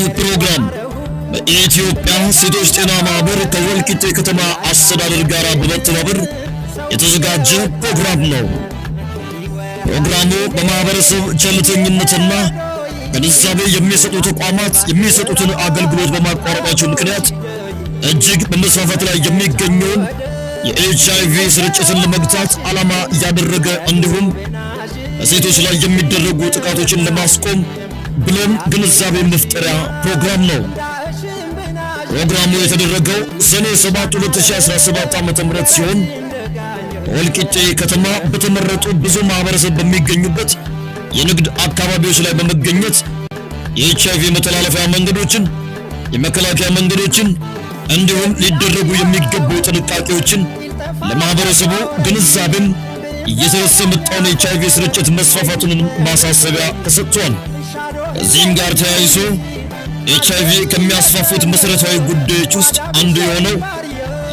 ይህ ፕሮግራም በኢትዮጵያ ሴቶች ጤና ማህበር ከወልቂጤ ከተማ አስተዳደር ጋር በመተባበር የተዘጋጀ ፕሮግራም ነው። ፕሮግራሙ በማህበረሰብ ቸልተኝነትና ግንዛቤ የሚሰጡ ተቋማት የሚሰጡትን አገልግሎት በማቋረጣቸው ምክንያት እጅግ በመስፋፋት ላይ የሚገኘውን የኤች አይቪ ስርጭትን ለመግታት ዓላማ እያደረገ እንዲሁም በሴቶች ላይ የሚደረጉ ጥቃቶችን ለማስቆም ብለም ግንዛቤ መፍጠሪያ ፕሮግራም ነው። ፕሮግራሙ የተደረገው ሰኔ 7 2017 ዓ.ም ሲሆን ወልቂጤ ከተማ በተመረጡ ብዙ ማህበረሰብ በሚገኙበት የንግድ አካባቢዎች ላይ በመገኘት የኤችአይቪ መተላለፊያ መንገዶችን፣ የመከላከያ መንገዶችን እንዲሁም ሊደረጉ የሚገቡ ጥንቃቄዎችን ለማህበረሰቡ ግንዛቤም እየተረሰ መጣውን ስርጭት መስፋፋቱን ማሳሰቢያ ተሰጥቷል። እዚህም ጋር ተያይዞ ኤች አይ ቪ ከሚያስፋፉት መሠረታዊ ጉዳዮች ውስጥ አንዱ የሆነው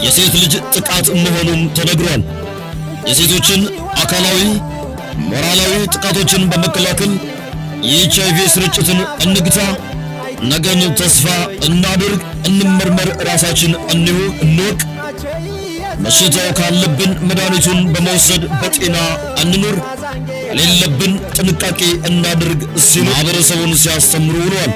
የሴት ልጅ ጥቃት መሆኑም ተነግሯል። የሴቶችን አካላዊ፣ ሞራላዊ ጥቃቶችን በመከላከል የኤች አይ ቪ ስርጭትን እንግታ፣ ነገን ተስፋ እናድርግ፣ እንመርመር፣ ራሳችን እንሁ፣ እንወቅ በሽታው ካለብን መድኃኒቱን በመውሰድ በጤና እንኑር፣ ከሌለብን ጥንቃቄ እናድርግ ሲሉ ማህበረሰቡን ሲያስተምሩ ውለዋል።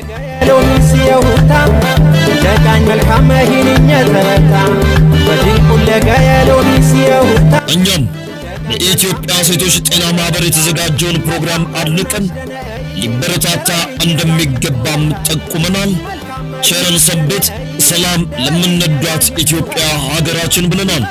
እኛም የኢትዮጵያ ሴቶች ጤና ማህበር የተዘጋጀውን ፕሮግራም አድንቀን ሊበረታታ እንደሚገባም ጠቁመናል። ቸረን ሰንብት። ሰላም ለምንወዳት ኢትዮጵያ ሀገራችን ብለናል።